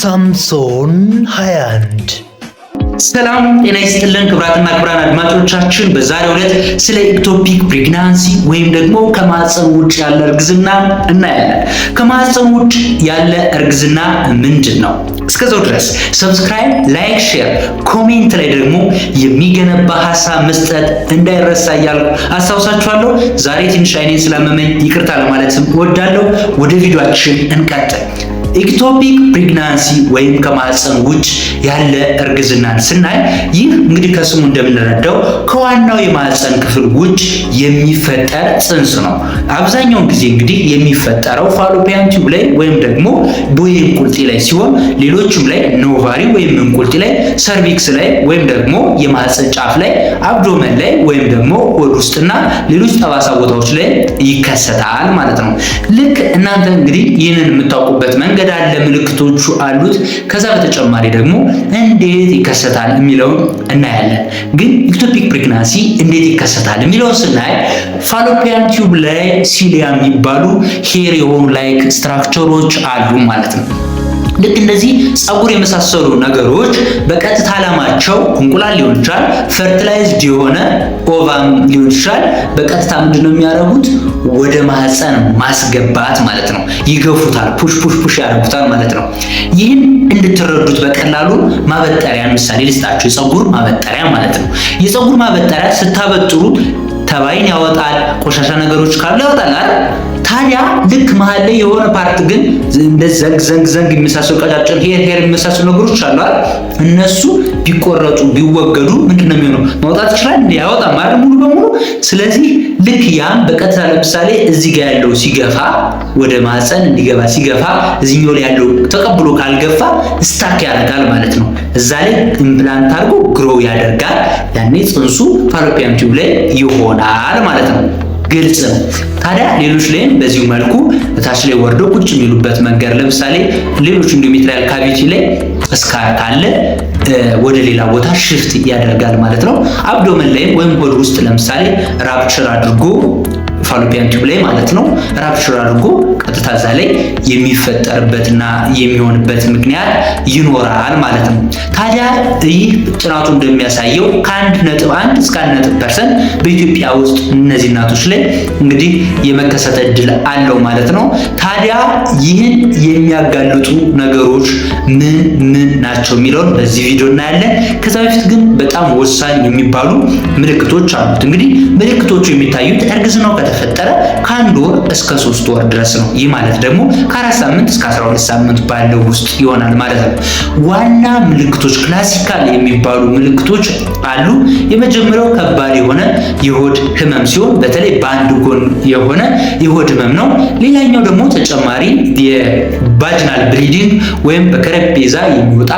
ሳምሶን 21 ሰላም ጤና ይስጥልን ክብራትና ክብራን አድማጮቻችን፣ በዛሬው ዕለት ስለ ኢክቶፒክ ፕሬግናንሲ ወይም ደግሞ ከማህፀን ውጭ ያለ እርግዝና እናያለን። ከማህፀን ውጭ ያለ እርግዝና ምንድን ነው? እስከዛው ድረስ ሰብስክራይብ፣ ላይክ፣ ሼር፣ ኮሜንት ላይ ደግሞ የሚገነባ ሀሳብ መስጠት እንዳይረሳ እያልኩ አስታውሳችኋለሁ። ዛሬ ትንሽ አይኔን ስላመመኝ ይቅርታ ለማለትም እወዳለሁ። ወደ ቪዲዮችን እንቀጥል። ኢክቶፒክ ፕሬግናንሲ ወይም ከማህፀን ውጭ ያለ እርግዝናን ስናይ ይህ እንግዲህ ከስሙ እንደምንረዳው ከዋናው የማህፀን ክፍል ውጭ የሚፈጠር ጽንስ ነው። አብዛኛውን ጊዜ እንግዲህ የሚፈጠረው ፋሎፒያን ቲዩብ ላይ ወይም ደግሞ ቦይ እንቁልጢ ላይ ሲሆን ሌሎችም ላይ ኖቫሪ ወይም እንቁልጢ ላይ፣ ሰርቪክስ ላይ ወይም ደግሞ የማህፀን ጫፍ ላይ፣ አብዶመን ላይ ወይም ደግሞ ሆድ ውስጥና ሌሎች ጠባሳ ቦታዎች ላይ ይከሰታል ማለት ነው። ልክ እናንተ እንግዲህ ይህንን የምታውቁበት መንገድ መንገድ አለ፣ ምልክቶቹ አሉት። ከዛ በተጨማሪ ደግሞ እንዴት ይከሰታል የሚለውን እናያለን። ግን ኢክቶፒክ ፕሬግናንሲ እንዴት ይከሰታል የሚለውን ስናይ ፋሎፒያን ቲዩብ ላይ ሲሊያ የሚባሉ ሄር የሆኑ ላይክ ስትራክቸሮች አሉ ማለት ነው። ልክ እንደዚህ ጸጉር የመሳሰሉ ነገሮች በቀጥታ ዓላማቸው እንቁላል ሊሆን ይችላል፣ ፈርቲላይዝድ የሆነ ኦቫም ሊሆን ይችላል። በቀጥታ ምንድን ነው የሚያደርጉት? ወደ ማህፀን ማስገባት ማለት ነው። ይገፉታል፣ ፑሽ ፑሽ ፑሽ ያደርጉታል ማለት ነው። ይህን እንድትረዱት በቀላሉ ማበጠሪያ ምሳሌ ልስጣችሁ። የጸጉር ማበጠሪያ ማለት ነው። የጸጉር ማበጠሪያ ስታበጥሩ ተባይን ያወጣል፣ ቆሻሻ ነገሮች ካሉ ያወጣል። ታዲያ ልክ መሀል ላይ የሆነ ፓርት ግን ዘንግ ዘንግ ዘንግ የሚመሳሰሉ ቀጫጭን ሄር ሄር የሚመሳሰሉ ነገሮች አሉ እነሱ ቢቆረጡ ቢወገዱ ምንድን ነው የሚሆነው? ማውጣት ይችላል እንዴ? አያወጣም ማለት ሙሉ በሙሉ። ስለዚህ ልክ ያም በቀጥታ ለምሳሌ እዚህ ጋር ያለው ሲገፋ ወደ ማህፀን እንዲገባ ሲገፋ እዚህኛው ላይ ያለው ተቀብሎ ካልገፋ ስታክ ያደርጋል ማለት ነው። እዛ ላይ ኢምፕላንት አድርጎ ግሮው ያደርጋል። ያኔ ጽንሱ ፋሎፒያን ቲዩብ ላይ ይሆናል ማለት ነው። ግልጽ ነው። ታዲያ ሌሎች ላይም በዚሁ መልኩ እታች ላይ ወርዶ ቁጭ የሚሉበት መንገድ ለምሳሌ ሌሎች ኢንዶሜትሪያል ካቪቲ ላይ እስካር ካለ ወደ ሌላ ቦታ ሽፍት ያደርጋል ማለት ነው። አብዶመን ላይም ወይም ሆድ ውስጥ ለምሳሌ ራፕቸር አድርጎ ፋሎፒያን ቲዩብ ላይ ማለት ነው ራፕቸር አድርጎ ቀጥታ እዛ ላይ የሚፈጠርበትና የሚሆንበት ምክንያት ይኖራል ማለት ነው። ታዲያ ይህ ጥናቱ እንደሚያሳየው ከአንድ ነጥብ አንድ እስከ አንድ ነጥብ ፐርሰንት በኢትዮጵያ ውስጥ እነዚህ እናቶች ላይ እንግዲህ የመከሰት እድል አለው ማለት ነው። ታዲያ ይህን የሚያጋልጡ ነገሮች ምን ምን ናቸው የሚለውን በዚህ ቪዲዮ እናያለን። ከዛ በፊት ግን በጣም ወሳኝ የሚባሉ ምልክቶች አሉት። እንግዲህ ምልክቶቹ የሚታዩት እርግዝናው ከተፈ ከተፈጠረ ከአንድ ወር እስከ ሶስት ወር ድረስ ነው። ይህ ማለት ደግሞ ከአራት ሳምንት እስከ 12 ሳምንት ባለው ውስጥ ይሆናል ማለት ነው። ዋና ምልክቶች ክላሲካል የሚባሉ ምልክቶች አሉ። የመጀመሪያው ከባድ የሆነ የሆድ ህመም ሲሆን በተለይ በአንድ ጎን የሆነ የሆድ ህመም ነው። ሌላኛው ደግሞ ተጨማሪ የቫጂናል ብሊዲንግ ወይም በከረጴዛ የሚወጣ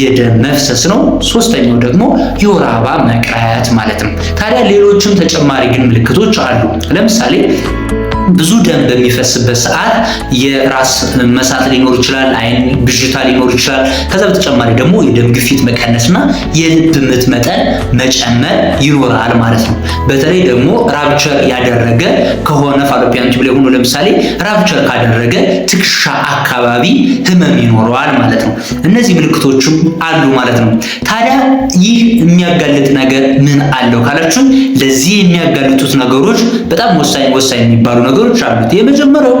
የደም መፍሰስ ነው። ሶስተኛው ደግሞ የወር አበባ መቅረት ማለት ነው። ታዲያ ሌሎችም ተጨማሪ ግን ምልክቶች አሉ። ለምሳሌ ለምሳሌ ብዙ ደም በሚፈስበት ሰዓት የራስ መሳት ሊኖር ይችላል፣ አይን ብዥታ ሊኖር ይችላል። ከዛ በተጨማሪ ደግሞ የደም ግፊት መቀነስና የልብ ምት መጠን መጨመር ይኖራል ማለት ነው። በተለይ ደግሞ ራፕቸር ያደረገ ከሆነ ፋሎፒያን ቱብ ላይ ሆኖ ለምሳሌ ራፕቸር ካደረገ ትከሻ አካባቢ ህመም ይኖረዋል ማለት ነው። እነዚህ ምልክቶችም አሉ ማለት ነው። ታዲያ ይህ የሚያጋልጥ ነገር ምን አለው ካላችሁ ለዚህ የሚያጋልጡት ነገሮች በጣም ወሳኝ ወሳኝ የሚባሉ ነገሮች ነገሮች አሉት። የመጀመሪያው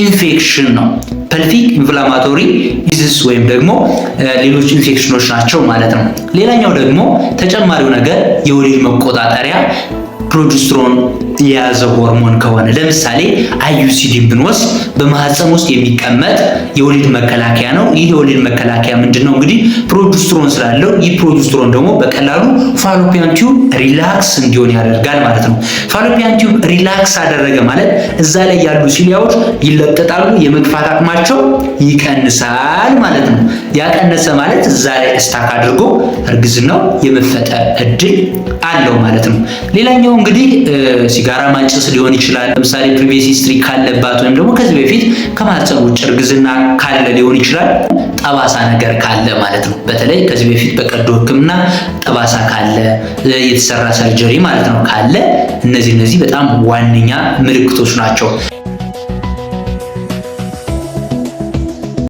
ኢንፌክሽን ነው። ፐልቪክ ኢንፍላማቶሪ ዲዚዝ ወይም ደግሞ ሌሎች ኢንፌክሽኖች ናቸው ማለት ነው። ሌላኛው ደግሞ ተጨማሪው ነገር የወሊድ መቆጣጠሪያ ፕሮጀስትሮን የያዘ ሆርሞን ከሆነ ለምሳሌ አዩሲዲን ብንወስድ በማህፀን ውስጥ የሚቀመጥ የወሊድ መከላከያ ነው። ይህ የወሊድ መከላከያ ምንድን ነው? እንግዲህ ፕሮጀስትሮን ስላለው ይህ ፕሮጀስትሮን ደግሞ በቀላሉ ፋሎፒያን ቲዩብ ሪላክስ እንዲሆን ያደርጋል ማለት ነው። ፋሎፒያን ቲዩብ ሪላክስ አደረገ ማለት እዛ ላይ ያሉ ሲሊያዎች ይለጠጣሉ፣ የመግፋት አቅማቸው ይቀንሳል ማለት ነው። ያቀነሰ ማለት እዛ ላይ ስታክ አድርጎ እርግዝናው የመፈጠር እድል አለው ማለት ነው። ሌላኛው እንግዲህ ሲጋራ ማጨስ ሊሆን ይችላል። ለምሳሌ ፕሪቪየስ ሂስትሪ ካለባት ወይም ደግሞ ከዚህ በፊት ከማህፀን ውጭ እርግዝና ካለ ሊሆን ይችላል። ጠባሳ ነገር ካለ ማለት ነው። በተለይ ከዚህ በፊት በቀዶ ሕክምና ጠባሳ ካለ የተሰራ ሰርጀሪ ማለት ነው ካለ እነዚህ እነዚህ በጣም ዋነኛ ምልክቶች ናቸው።